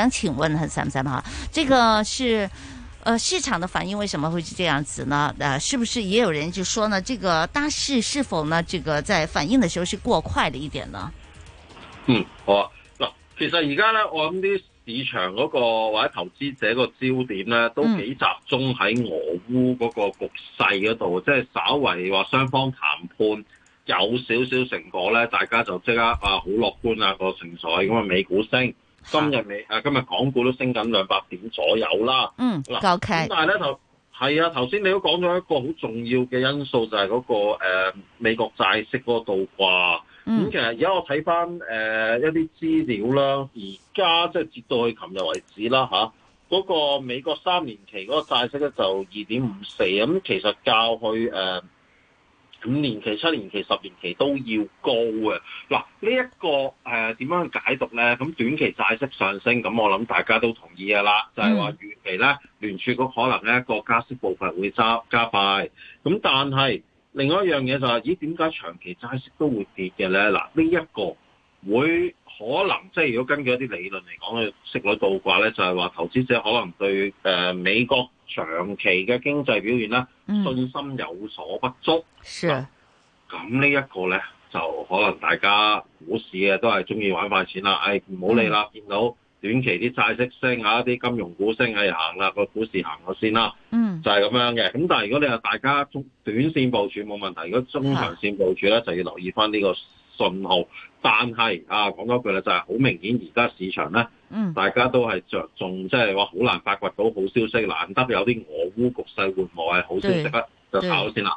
想請問哈三三 m 哈，這個是，呃市場的反應為什麼會是這樣子呢？啊、是不是也有人就說呢，這個大市是否呢，這個在反應的時候是過快的一點呢？嗯，好啊，嗱，其實而家呢，我諗啲市場嗰、嗰個、或者投資者個焦點呢，都幾集中喺俄烏嗰個局勢嗰度，嗯、即係稍為話雙方談判有少少成果呢，大家就即刻啊好樂觀啊、那個情緒，咁啊美股升。今日尾啊，今日港股都升緊兩百點左右啦。嗯，嗱咁，但係咧就係啊，頭先你都講咗一個好重要嘅因素就係嗰、嗰個誒、呃、美國債息嗰個倒掛。咁、嗯嗯、其實而家我睇翻，誒一啲資料啦，而家即係截到去琴日為止啦吓，嗰、啊嗰個美國三年期嗰個債息咧就二點五四，咁其實較去誒。呃五年期、七年期、十年期都要高嘅。嗱、呢、這、一個誒點樣去解讀咧？咁短期債息上升，咁我諗大家都同意嘅啦，就係話預期咧聯儲局可能咧個加息步伐會加加快。咁但係另外一樣嘢就係、是，咦點解長期債息都會跌嘅咧？嗱呢一、這個會可能即係如果根據一啲理論嚟講去息率倒掛咧，就係、是、話投資者可能對誒、呃、美國。長期嘅經濟表現呢，信心有所不足。咁呢一個呢，就可能大家股市嘅都係中意玩快錢啦。唉、哎，唔好理啦，見、嗯、到短期啲債息升一、啊、啲金融股升、啊，係行啦、啊、個股市行咗、啊、先啦、啊。嗯。就係咁樣嘅。咁但係如果你話大家中短線部署冇問題，如果中長線部署呢，嗯、就要留意翻呢個信號。但係啊，講多句啦，就係、是、好明顯，而家市場咧，嗯、大家都係着重即係話好難發掘到好消息，難得有啲俄烏局勢緩和係好消息，不對就炒先啦？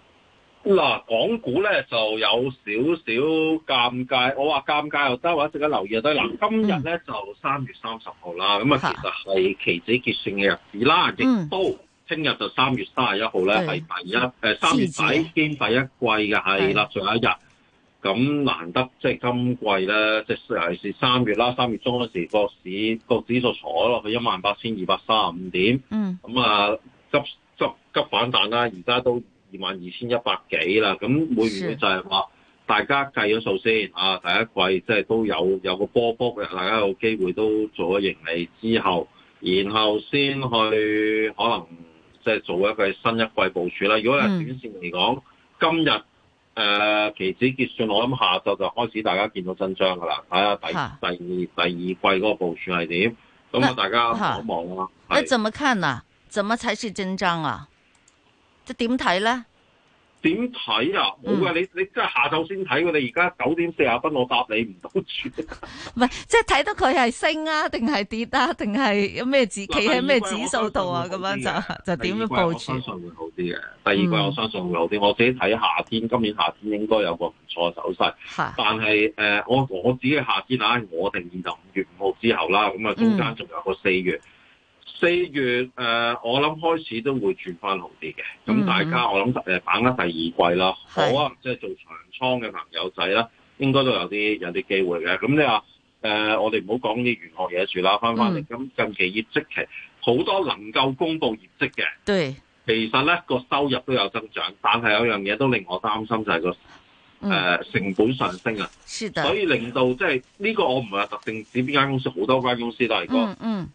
嗱、啊，港股咧就有少少尷尬，我話尷尬又得，話值得留意又得。嗱，今日、嗯、呢咧就三月三十號啦，咁啊、嗯，其實係期指結算嘅日子啦，亦、嗯、都，聽日就三月三十一號咧係第一，誒是，三月底先是第一季嘅係啦，最後是一日，咁難得即係今季咧，即係尤其是三月啦，三月中嗰時，個市個指數坐落去一萬八千二百三十五點，嗯，咁啊急急急反彈啦，而家都。二萬二千一百幾啦，咁會唔會就係、是、話是大家計咗數先啊？第一季即係都有有個波波嘅，大家有機會都做咗盈利之後，然後先去可能即係做一個新一季部署啦。如果係短線嚟講，嗯、今日誒、呃、期指結算，我諗下晝就開始大家見到真章㗎啦。睇下第、啊、第二第二季嗰個部署係點，咁啊大家好望啦。你那是怎麼看呢？怎麼才是真章啊？即點睇咧？點睇啊？冇啊！你你即係下晝先睇。你而家九點四啊分，我答你唔到住。唔 係，即係睇到佢係升啊，定係跌啊，定係有咩指企喺咩指數度啊？咁樣就就點樣部署？第二季我相信會好啲嘅。第二季我相信會好啲。我自己睇夏天，今年夏天應該有個唔錯嘅走勢。啊、但係誒，我我自己嘅夏天啊，我定義就五月五號之後啦。咁啊，中間仲有個四月。嗯四月誒、呃，我諗開始都會轉翻好啲嘅。咁、嗯、大家我諗誒，把握第二季啦。好啊是，即係做長倉嘅朋友仔啦，應該都有啲有啲機會嘅。咁你話誒、呃，我哋唔好講啲玄學嘢住啦，翻返嚟。咁、嗯、近期業績期好多能夠公布業績嘅。對，其實咧個收入都有增長，但係有樣嘢都令我擔心就係、是、個誒、嗯呃、成本上升啊。的所以令到即係呢個我唔係特定指邊間公司，好多間公司都係咁、嗯。嗯。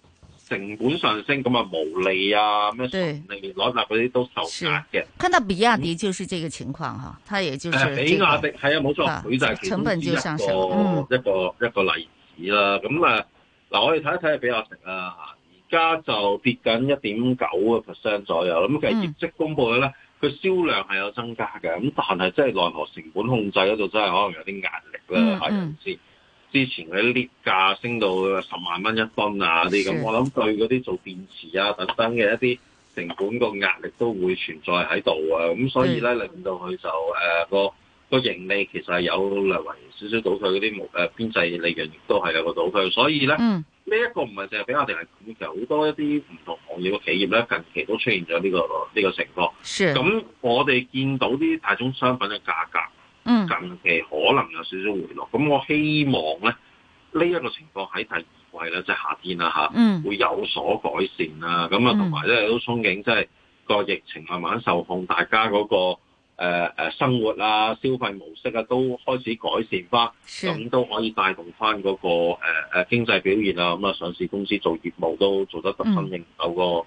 成本上升咁啊無利啊咩？裏面攞納嗰啲都受壓嘅。看到比亞迪就是這個情況哈，它、嗯、也就是、這個、比亞迪係啊冇錯，佢、啊、就係其中一個一個、嗯、一個一個例子啦。咁啊嗱，嗯嗯、我哋睇一睇啊比亞迪啊，而家就跌緊一點九個 percent 左右。咁其實業績公布嘅咧，佢銷量係有增加嘅，咁但係即係奈何成本控制嗰度真係可能有啲壓力啦，係唔先？嗯之前嗰啲鋰價升到十萬蚊一噸啊啲咁，我諗對嗰啲做電池啊等等嘅一啲成本個壓力都會存在喺度啊，咁所以咧是、嗯、令到佢就誒個個盈利其實係有略為少少倒退嗰啲毛誒邊際利潤亦都係有倒退，所以咧呢一、嗯、個唔係淨係比亞迪係咁，其實好多一啲唔同行業嘅企業咧近期都出現咗呢、呢個呢、呢個情況。咁是 我哋見到啲大宗商品嘅價格。嗯，近期可能有少少回落，咁我希望咧呢一、這個情況喺第二季咧，即、就、係、是、夏天啦、啊、吓，嗯、會有所改善啦，咁啊，同埋咧，都、嗯、憧憬、就是，即、這、係個疫情慢慢受控，大家嗰、那個誒、呃、生活啊、消費模式啊都開始改善翻，咁是都可以帶動翻嗰、那個誒、呃、經濟表現啊。咁、嗯、啊，上市公司做業務都做得十分應有個。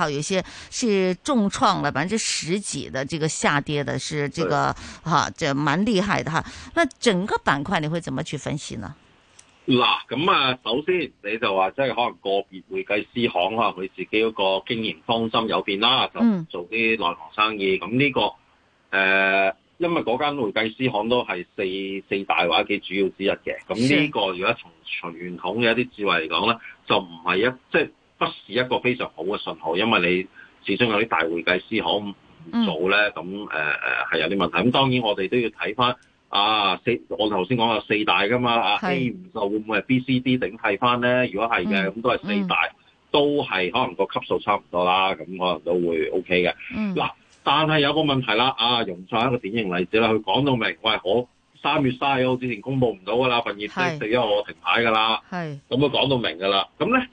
好，有些是重創了百分之十幾的這個下跌的，是這個哈，這蠻厲害的哈。那整個板塊你會怎麼去分析呢？嗱，咁啊，首先你就話即係可能個別會計師行啊，可能佢自己嗰個經營方針有變啦，就做啲內行生意。咁呢、嗯這個誒、呃，因為嗰間會計師行都係四四大或者主要之一嘅。咁呢個如果從傳統嘅一啲智慧嚟講咧，就唔係一即係。就是不是一個非常好嘅信號，因為你始終有啲大會計師可唔做咧，咁誒誒係有啲問題。咁當然我哋都要睇翻啊四，我頭先講啊四大㗎嘛啊是 A 唔就會唔會係 B、C、D 頂替翻咧？如果係嘅，咁、嗯、都係四大，嗯、都係可能個級數差唔多啦，咁可能都會 O K 嘅。嗱、嗯，但係有個問題啦，啊融創一個典型例子啦，佢講到明喂，我係可三月三號之前公布唔到㗎啦份業績是，四一我停牌㗎啦，咁佢是講到明㗎啦，咁咧。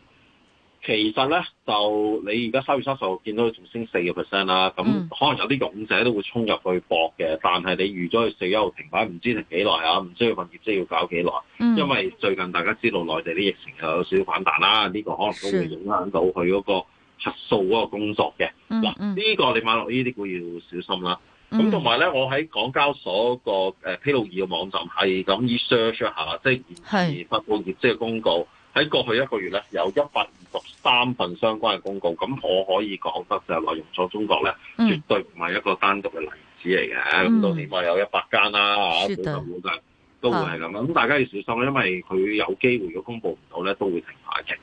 其實咧，就你而家三月三十號見到佢仲升四個 percent 啦，咁可能有啲勇者都會衝入去搏嘅。嗯、但係你預咗佢四一號停牌，唔知停幾耐啊？唔知佢份業績要搞幾耐？嗯、因為最近大家知道內地啲疫情又有少少反彈啦，呢、呢個可能都會影響到佢嗰個核數嗰個工作嘅。嗱，呢、嗯嗯呢個你買落呢啲股要小心啦。咁同埋咧，我喺港交所個誒披露易嘅網站係咁 research 下，即、就、係、是、發佈業績嘅公告。喺過去一個月咧，有一百二十三份相關嘅公告，咁我可以講得就係，內容左中國咧，嗯、絕對唔係一個單獨嘅例子嚟嘅。咁、嗯、到時咪有一百間啦、啊，嚇的，每度都都會係咁。咁的大家要小心，因為佢有機會如果公布唔到咧，都會停牌嘅。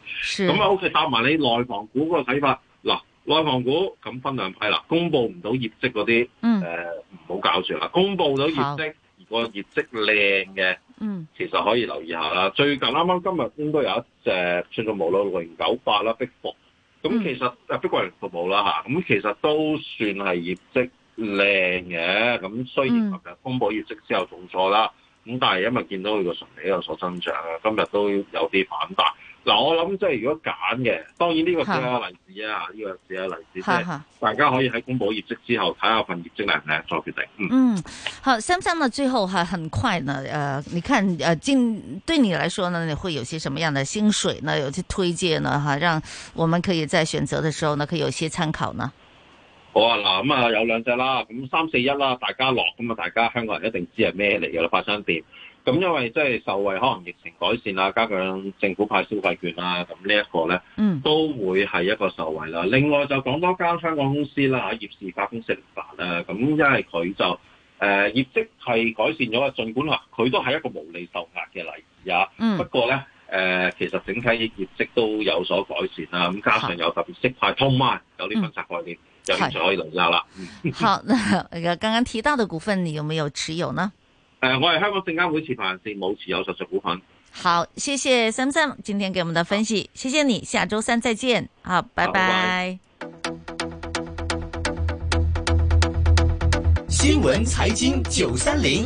咁啊的，OK，答埋你內房股嗰個睇法。嗱、啊，內房股咁分兩批啦，公布唔到業績嗰啲，誒唔好搞住啦。公布到業績，的如果業績靚嘅。嗯，其實可以留意下啦。最近啱啱今日應該有一隻穿梭無腦六零九八啦，碧服。咁其實碧桂園服務啦嚇，咁其實都算係業績靚嘅。咁雖然琴日公布業績之後重挫啦，咁但係因為見到佢個純利有所增長啊，今日都有啲反彈。嗱，我諗即係如果揀嘅，當然呢個舉個例子啊，呢個舉個例子啫，啊、大家可以喺公布業績之後睇下、啊、份業績靚唔靚，再決定。嗯，嗯好，先生，呢最後哈，很快呢，誒、呃，你看，誒，進對你來說呢，你會有些什麼樣嘅心水呢？有啲推薦呢？哈，讓我們可以在選擇嘅時候呢，可以有些參考呢。好啊，嗱，咁啊有兩隻啦，咁三四一啦，大家樂。咁啊，大家香港人一定知係咩嚟嘅啦，發生店。咁因為即係受惠，可能疫情改善啦，加上政府派消費券啦，咁呢一個咧，嗯，都會係一個受惠啦。嗯、另外就講多間香港公司啦，喺業事發生成發啊，咁因為佢就誒、呃、業績係改善咗啊，儘管話佢都係一個無利受壓嘅例子啊，嗯、不過咧誒、呃，其實整體業績都有所改善啦，咁加上有特別息派同埋好有啲分拆概念又可以再嚟啦。是 好，那個剛剛提到嘅股份，你有冇有持有呢？誒，我係香港證監會持牌人士並冇持有實質股份。好，謝謝 Samson，今天給我們的分析，好謝謝你，下周三再見，好，好拜拜。拜拜新聞財經九三零。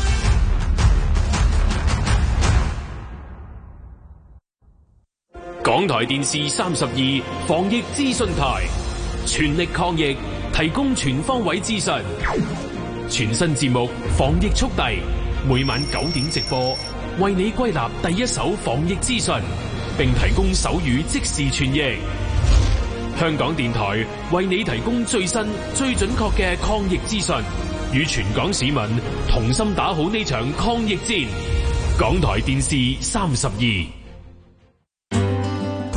港台電視三十二防疫資訊台，全力抗疫，提供全方位資訊。全新節目《防疫速遞》，每晚九點直播，為你歸納第一手防疫資訊，並提供手語即時傳譯。香港電台為你提供最新、最準確嘅抗疫資訊，與全港市民同心打好呢場抗疫戰。港台電視三十二。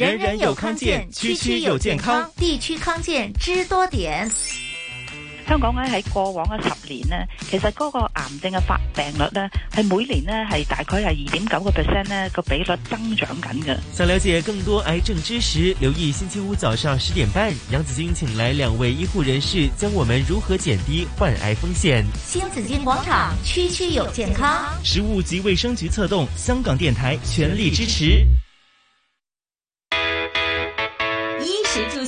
人人有康健，區區有健康，區區有健康，地區康健知多點。香港咧，喺過往嘅十年咧，其實嗰個癌症嘅發病率咧，係每年咧係大概係二點九個 percent 咧個比率增長緊嘅。想了解更多癌症知識，留意星期五早上十點半，楊子君請來兩位醫護人士，教我們如何減低患癌風險。新紫荊廣場區區有健康，食物及衛生局策動，香港電台全力支持。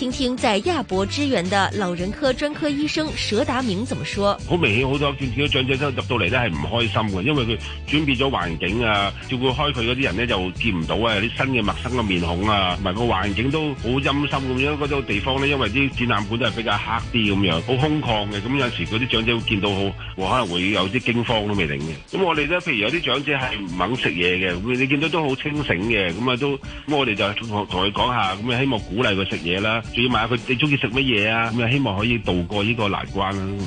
聽聽在亞博支援嘅老人科專科醫生佘達明怎麼說？好明顯好多，見見到長者都入到嚟咧係唔開心嘅，因為佢轉變咗環境啊，照顧開佢嗰啲人咧就見唔到啊，有啲新嘅陌生嘅面孔啊，同埋個環境都好陰森咁樣，嗰種地方咧因為啲展覽館都係比較黑啲咁樣，好空曠嘅，咁有陣時嗰啲長者會見到好可能會有啲驚慌都未定嘅。咁我哋咧，譬如有啲長者係唔肯食嘢嘅，你見到都好清醒嘅，咁啊都，咁我哋就同同佢講下，咁啊希望鼓勵佢食嘢啦。仲要買佢，你中意食乜嘢啊？咁又希望可以渡過呢個難關啦、啊。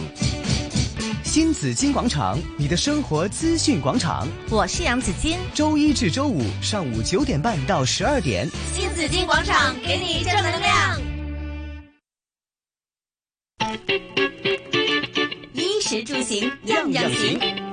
新紫荊廣場，你的生活資訊廣場，我是楊紫金。周一至周五上午九點半到十二點，新紫荊廣場給你正能量。衣食住行樣樣行。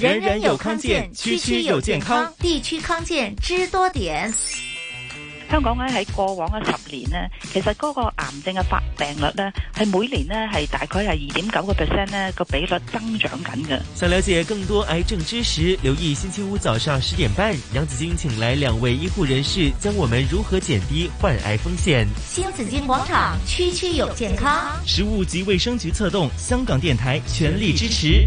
人人有康健，區區有健康，區區健康地區康健知多點。香港咧，喺過往嘅十年咧，其實嗰個癌症嘅發病率咧，係每年咧係大概係二點九個 percent 咧個比率增長緊嘅。想了解更多癌症知識，留意星期五早上十點半，楊子晶請來兩位醫護人士，教我們如何減低患癌風險。新紫荊廣場區區有健康，食物及衛生局策動，香港電台全力支持。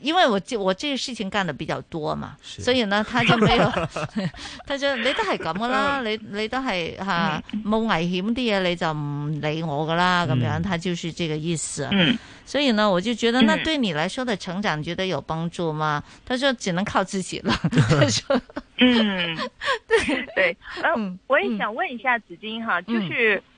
因為我這我這個事情幹的比較多嘛，所以呢，他就沒有，他說你都係咁噶啦，你你都係吓冇危險啲嘢，你就唔理我噶啦，咁樣，他就是這個意思。嗯，所以呢，我就覺得那對你來說的成長，覺得有幫助嗎？他說只能靠自己了。他說，嗯，對對，嗯，我也想問一下紫荊哈，就是。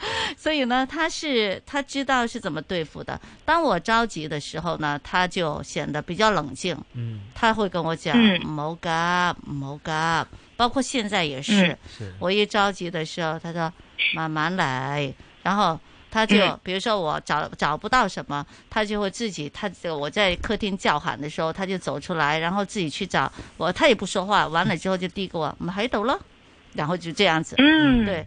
所以呢，他是他知道是怎麼對付的。當我着急的時候呢，他就顯得比較冷靜。嗯，他會跟我講：“唔好急，唔好急。”包括現在也是，嗯、是。我一着急的時候，他說：“慢慢來。”然後他就，比如說我找找不到什麼，嗯、他就會自己，他就我在客廳叫喊的時候，他就走出來，然後自己去找我。他也不說話，完了之後就遞給我：“我唔喺度了。”然後就這樣子。嗯，嗯對。